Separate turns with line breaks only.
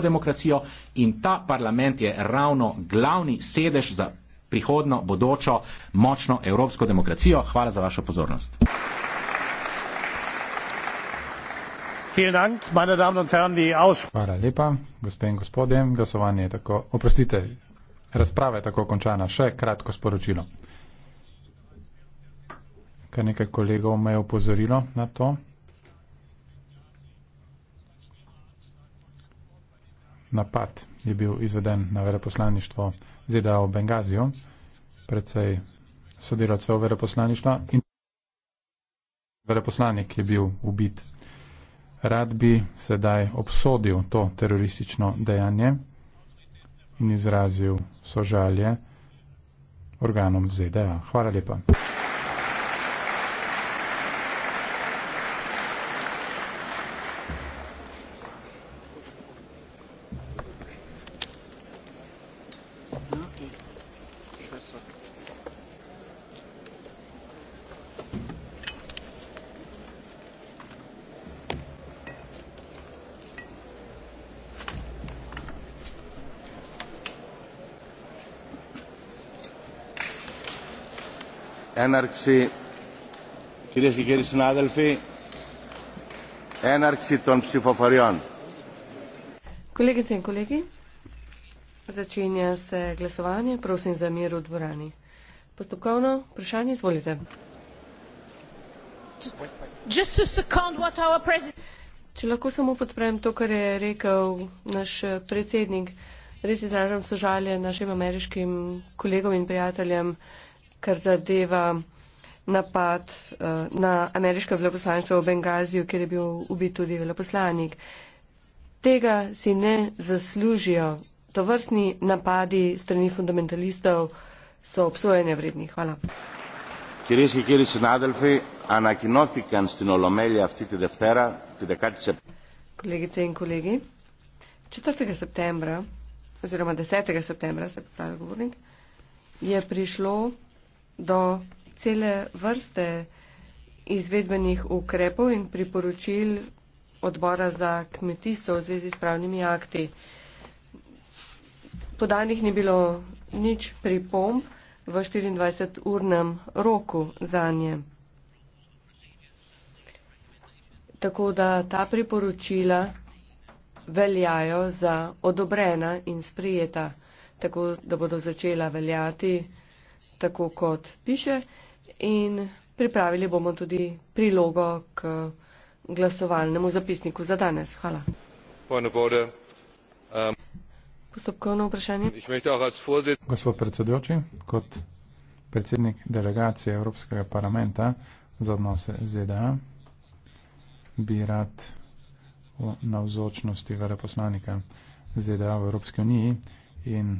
demokratsko demokracijo in ta parlament je ravno glavni sedež za prihodno, bodočo, močno evropsko demokracijo. Hvala za vašo pozornost. Hvala lepa, gospe in gospodje. Glasovanje je tako, oprostite, razprava je tako končana. Še kratko sporočilo. Kar nekaj kolegov me je opozorilo na to. napad je bil izveden na veleposlaništvo ZDA v Bengazijo, predvsej sodelavcev veleposlaništva in veleposlanik je bil ubit. Rad bi sedaj obsodil to teroristično dejanje in izrazil sožalje organom ZDA. Hvala lepa.
έναρξη κυρίες και κύριοι συνάδελφοι έναρξη των ψηφοφοριών Κολέγες και κολέγοι Začenja se glasovanje. Prosim za mir v dvorani. Postopkovno vprašanje, izvolite. Če lahko samo podprem to, kar je rekel naš predsednik, res izražam sožalje našim ameriškim kolegom in prijateljem, kar zadeva napad eh, na ameriško veleposlanstvo v Bengaziju, kjer je bil ubit tudi veleposlanik. Tega si ne zaslužijo. To vrstni napadi strani fundamentalistov so obsojene vredni. Hvala. Kolegice in kolegi, 4. septembra oziroma 10. septembra se pravi govornik, je prišlo do cele vrste izvedbenih ukrepov in priporočil odbora za kmetijstvo v zvezi s pravnimi akti. Podanih ni bilo nič pripomb v 24-urnem roku za nje. Tako da ta priporočila veljajo za odobrena in sprijeta, tako da bodo začela veljati tako kot piše, in pripravili bomo tudi prilogo k glasovalnemu zapisniku za danes. Hvala.
Um,
Postopkovno vprašanje.
Gospod predsedujoči, kot predsednik delegacije Evropskega parlamenta za odnose ZDA bi rad na vzočnosti veleposlanika ZDA v Evropski uniji in